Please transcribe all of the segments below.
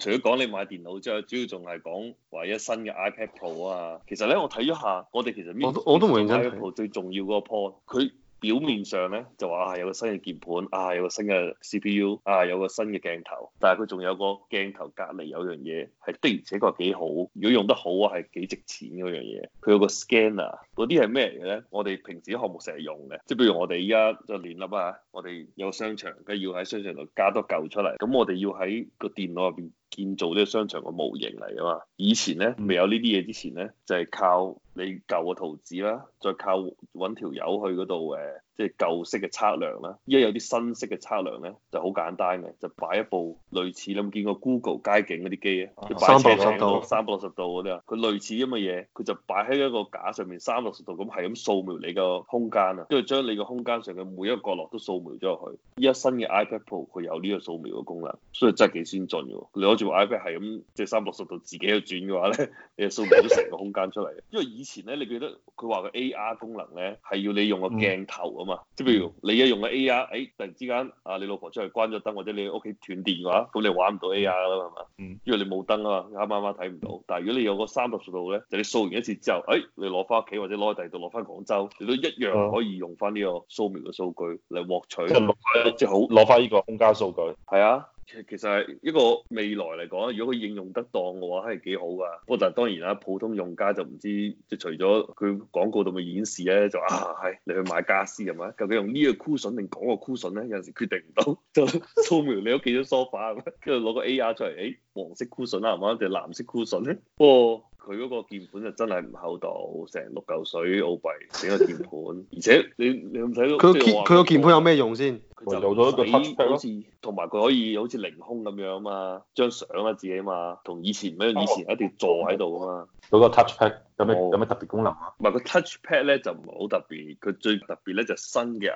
除咗講你買電腦之外，主要仲係講話一新嘅 iPad Pro 啊。其實咧，我睇咗下，我哋其實我我都冇認真。iPad Pro 最重要嗰個 point，佢表面上咧就話係、啊、有個新嘅鍵盤，啊有個新嘅 CPU，啊有個新嘅鏡頭，但係佢仲有個鏡頭隔離有樣嘢係的而且確幾好。如果用得好啊，係幾值錢嗰樣嘢。佢有個 scan 啊，嗰啲係咩嚟嘅咧？我哋平時啲項目成日用嘅，即係比如我哋依家就聯立啊，我哋有商場，佢要喺商場度加多嚿出嚟，咁我哋要喺個電腦入邊。建造呢個商場個模型嚟㗎嘛！以前咧，未有呢啲嘢之前咧，就係靠你舊個圖紙啦，再靠搵條友去嗰度誒。即係舊式嘅測量啦，依家有啲新式嘅測量咧，就好簡單嘅，就擺一部類似你有冇見過 Google 街景嗰啲機啊？擺三百六十度，三百六十度嗰啲啊，佢類似咁嘅嘢，佢就擺喺一個架上面，三百六十度咁係咁掃描你個空間啊，跟住將你個空間上嘅每一個角落都掃描咗落去。依家新嘅 iPad Pro 佢有呢個掃描嘅功能，所以真係幾先進嘅喎。你攞住部 iPad 係咁即係三百六十度自己去轉嘅話咧，你掃描咗成個空間出嚟。因為以前咧，你記得佢話個 AR 功能咧係要你用個鏡頭啊。即係譬如你而家用嘅 A R，誒、哎、突然之間啊，你老婆出去關咗燈或者你屋企斷電嘅話，咁你玩唔到 A R 啦係嘛，嗯、因為你冇燈啊嘛，啱唔啱睇唔到。但係如果你有個三十度咧，就是、你掃完一次之後，誒、哎、你攞翻屋企或者攞去第二度攞翻廣州，你都一樣可以用翻呢個掃描嘅數據嚟獲取，即即係好攞翻呢個空間數據，係啊。其實係一個未來嚟講，如果佢應用得當嘅話，係幾好噶。不過，但當然啦，普通用家就唔知，即除咗佢廣告度嘅演示咧，就啊，係、哎、你去買家私係咪？究竟用呢個 cushion 定嗰個 cushion 呢？有陣時決定唔到，就掃描你屋企張梳化，跟住攞個 AR 出嚟，誒、哎，黃色 cushion 啊，係咪？定藍色 cushion 呢、哦？佢嗰個鍵盤就真係唔厚道，成六嚿水澳幣整個鍵盤， 而且你你有冇佢個鍵佢個鍵盤有咩用先？佢就做咗個 touchpad 同埋佢可以好似凌空咁樣嘛，張相啊自己嘛，同以前唔一樣、哦、以前一定坐喺度啊嘛。嗰個 touchpad 有咩、哦、有咩特別功能啊？唔係個 touchpad 咧就唔係好特別，佢最特別咧就新嘅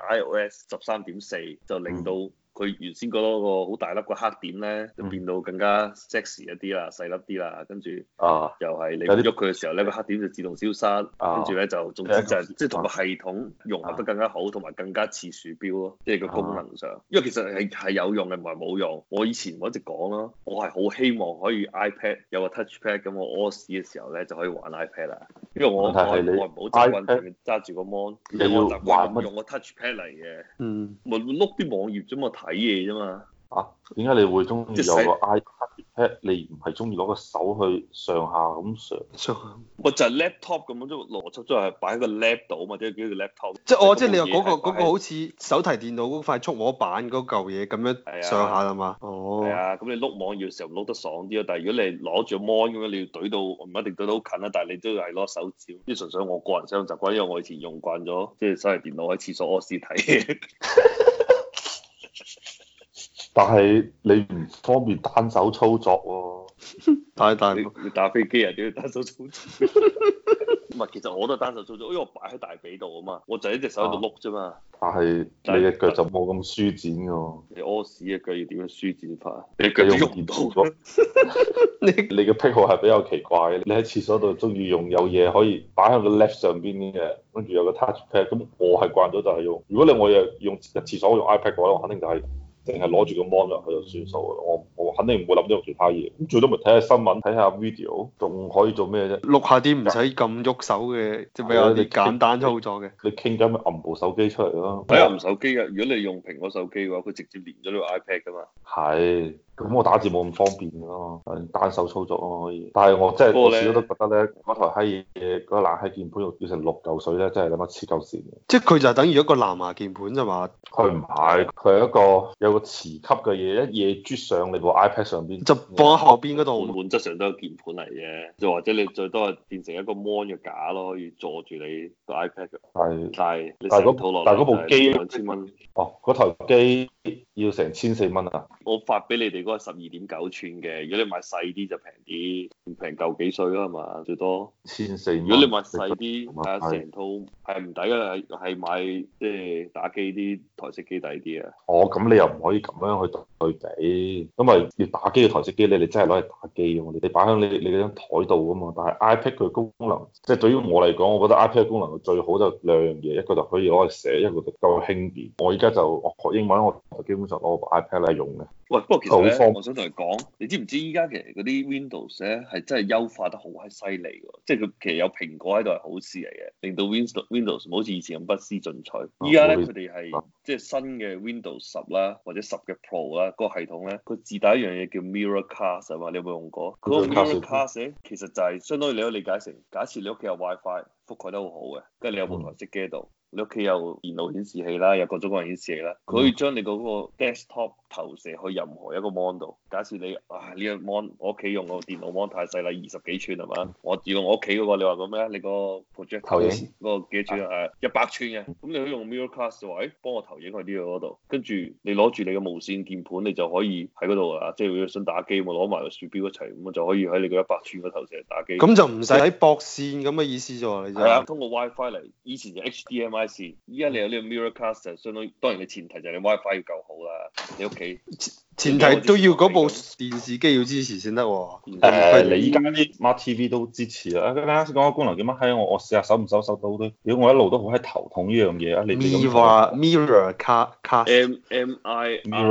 iOS 十三點四就令到、嗯。佢原先嗰個好大粒個黑點咧，就變到更加 sexy 一啲啦，細粒啲啦，跟住又係你喐佢嘅時候咧，個、啊、黑點就自動消失，啊、跟住咧就總之就即係同個系統融合得更加好，同埋、啊、更加似鼠標咯，即、就、係、是、個功能上。因為其實係係有用嘅，唔係冇用。我以前我一直講咯，我係好希望可以 iPad 有個 touchpad 咁，我屙屎嘅時候咧就可以玩 iPad 啦。因為我你我冇習慣，揸住、哎哎、個 mon，你冇習慣用個 touchpad 嚟嘅，嗯，咪碌啲網頁啫嘛，睇嘢啫嘛。啊，點解你會中意有個 iPad？你唔係中意攞個手去上下咁上？我就係 laptop 咁樣，即係邏輯，即係擺喺個 laptop，或者叫個 laptop。即係哦，即係你話嗰個嗰個好似手提電腦嗰塊觸摸板嗰嚿嘢咁樣上下係嘛？啊、哦，係啊，咁你碌網頁嘅時候碌得爽啲啊。但係如果你攞住個 mon 咁樣，你要懟到唔一定懟得好近啊。但係你都係攞手指，即係、哦嗯、純粹我個人使用習慣，因為我以前用慣咗，即、就、係、是、手提電腦喺廁所屙屎睇但係你唔方便單手操作喎、啊， 但係你，你打飛機啊要單手操作？唔 係， 其實我都係單手操作，因為我擺喺大髀度啊嘛，我就係一隻手喺度碌啫嘛。但係你嘅腳就冇咁舒展嘅喎、啊。是你屙屎嘅腳要點樣舒展法？你腳喐唔到 你嘅癖好係比較奇怪嘅，你喺廁所度中意用有嘢可以擺喺個 left 上邊嘅，跟住有個 touch pad，咁我係慣咗就係用。如果你我又用廁所用 iPad 嘅話，我肯定就係、是。淨係攞住個 mon 咋，佢就算數咯。我我肯定唔會諗啲其他嘢。咁最多咪睇下新聞，睇下 video，仲可以做咩啫？錄下啲唔使咁喐手嘅，即係的比我哋簡單操作嘅。你傾緊咪揞部手機出嚟咯。哎，揞、嗯嗯嗯嗯、手機啊！如果你用蘋果手機嘅話，佢直接連咗呢個 iPad 噶嘛。係。咁我打字冇咁方便㗎咯，單手操作都可以。但係我真係個我始終都覺得咧，嗰台閪嘢，嗰、嗰個爛閪鍵盤要成六嚿水咧，真係諗乜黐鳩線。即係佢就係等於一個藍牙鍵盤啫嘛。佢唔係，佢係一個有一個磁吸嘅嘢，一嘢鑄上你部 iPad 上邊，邊。就放喺後邊嗰度。本質上都係鍵盤嚟嘅，又或者你最多係變成一個 mon 嘅架咯，可以坐住你個 iPad。係，但係但係嗰但係嗰部機哦，嗰台機。要成千四蚊啊！我發俾你哋嗰個十二點九寸嘅，如果你買細啲就平啲，平夠幾歲啦嘛，最多千四。1400 如果你買細啲，成 1400 套係唔抵噶，係的買即係、呃、打機啲台式機抵啲啊。哦，咁你又唔可以咁樣去去對比，因為要打機嘅台式機咧，你真係攞嚟打機啊！你擺喺你你張台度啊嘛。但係 iPad 佢功能，即係、嗯、對於我嚟講，我覺得 iPad 功能最好就兩樣嘢，一個就可以攞嚟寫，一個就夠輕便。我而家就學英文，我我部 iPad 嚟用嘅。喂，不過其實咧，我想同你講，你知唔知依家其實嗰啲 Windows 咧係真係優化得好閪犀利喎。即係佢其實有蘋果喺度係好事嚟嘅，令到 Windows, Windows Windows 唔好似以前咁不思進取。依家咧佢哋係即係新嘅 Windows 十啦，或者十嘅 Pro 啦，個系統咧佢自帶一樣嘢叫 MirrorCast 啊嘛。你有冇用過？嗰、嗯、個 MirrorCast 咧，其實就係、是、相當於你可以理解成，假設你屋企有 WiFi 覆蓋得好好嘅，跟住你有部台式機喺度。你屋企有電腦顯示器啦，有各種各樣顯示器啦，佢可以將你嗰個 desktop 投射去任何一個 mon 度。假設你啊呢、呢個 mon 我屋企用個電腦 mon 太細啦，二十幾寸係嘛？我，用，是是我用我屋企嗰個，你話個咩？你個 project 投影嗰個幾多寸啊？誒一百寸嘅，咁你可以用 Miracast 嘅話，誒、欸、幫我投影去呢個嗰度，跟住你攞住你嘅無線鍵盤，你就可以喺嗰度啊！即係如果想打機，我攞埋個鼠標一齊，咁我就可以喺你個一百寸嘅投射打機。咁就唔使喺駁線咁嘅意思啫喎，你就係、是、啊，通過 WiFi 嚟，以前就 HDMI。依家你有呢個 Mirror Cast 就相當，當然嘅前提就係你 WiFi 要夠好啦，你屋企前提都要嗰部電視機要支持先得喎。誒，你依家啲 Smart TV 都支持啊！我啱先講個功能點樣，我我試下搜唔搜，搜到都，如果我一路都好喺頭痛呢樣嘢啊！你哋咁講。Mirror Cast m i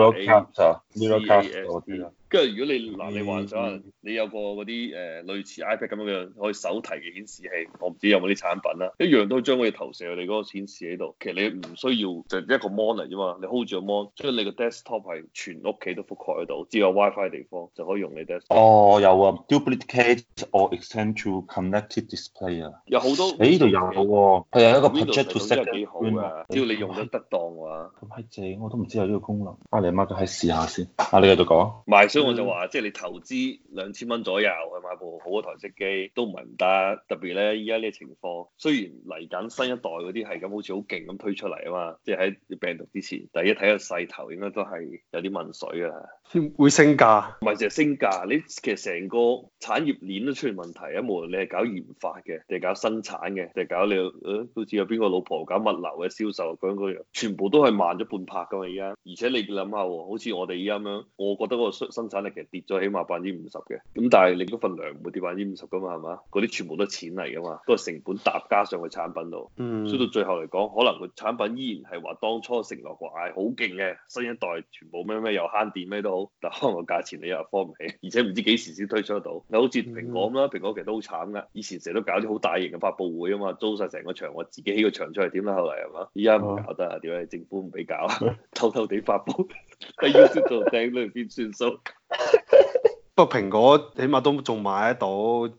r r r o。因為如果你嗱，你幻想你有個嗰啲誒類似 iPad 咁樣嘅可以手提嘅顯示器，我唔知有冇啲產品啦、啊，一樣都可以將佢投射去你嗰個顯示喺度。其實你唔需要就一個 mon 嚟啫嘛，你 hold 住個 mon，將你個 desktop 係全屋企都覆蓋喺度，只有 WiFi 地方就可以用你 desktop。哦、oh，有啊，Duplicate or extend to connected display、欸、啊。有好多。喺呢度有喎，佢有一個 project to set 呢幾好得得啊，只要你用咗得當嘅話。咁閪正，我都唔知有呢個功能。啊，你阿媽就係試下先，啊，你繼續講。賣嗯、我就話，即係你投資兩千蚊左右去買部好台式機，都唔係唔得。特別咧，依家呢個情況，雖然嚟緊新一代嗰啲係咁好似好勁咁推出嚟啊嘛，即係喺病毒之前。第一睇個勢頭，應該都係有啲問水㗎。會升價？唔係，淨係升價。你其實成個產業鏈都出現問題啊！無論你係搞研發嘅，定係搞生產嘅，定係搞你誒，好、啊、似有邊個老婆搞物流嘅銷售嗰樣，那個、全部都係慢咗半拍㗎嘛！而家，而且你諗下，好似我哋依家咁樣，我覺得嗰個生產力其實跌咗起碼百分之五十嘅，咁但係你嗰份糧唔會跌百分之五十噶嘛，係嘛？嗰啲全部都係錢嚟噶嘛，都係成本搭加上嘅產品度，嗯，所以到最後嚟講，可能個產品依然係話當初承諾話係好勁嘅新一代，全部咩咩又慳電咩都好，但可能個價錢你又科唔起，而且唔知幾時先推出得到。你好似蘋果咁啦，嗯、蘋果其實都好慘噶，以前成日都搞啲好大型嘅發布會啊嘛，租晒成個場，我自己起個場出嚟點啦，後嚟係嘛？依家唔搞得，點解、嗯、政府唔俾搞？偷，偷偷地發布。喺 YouTube 度睇都唔知算數，不過蘋果起碼都仲買得到。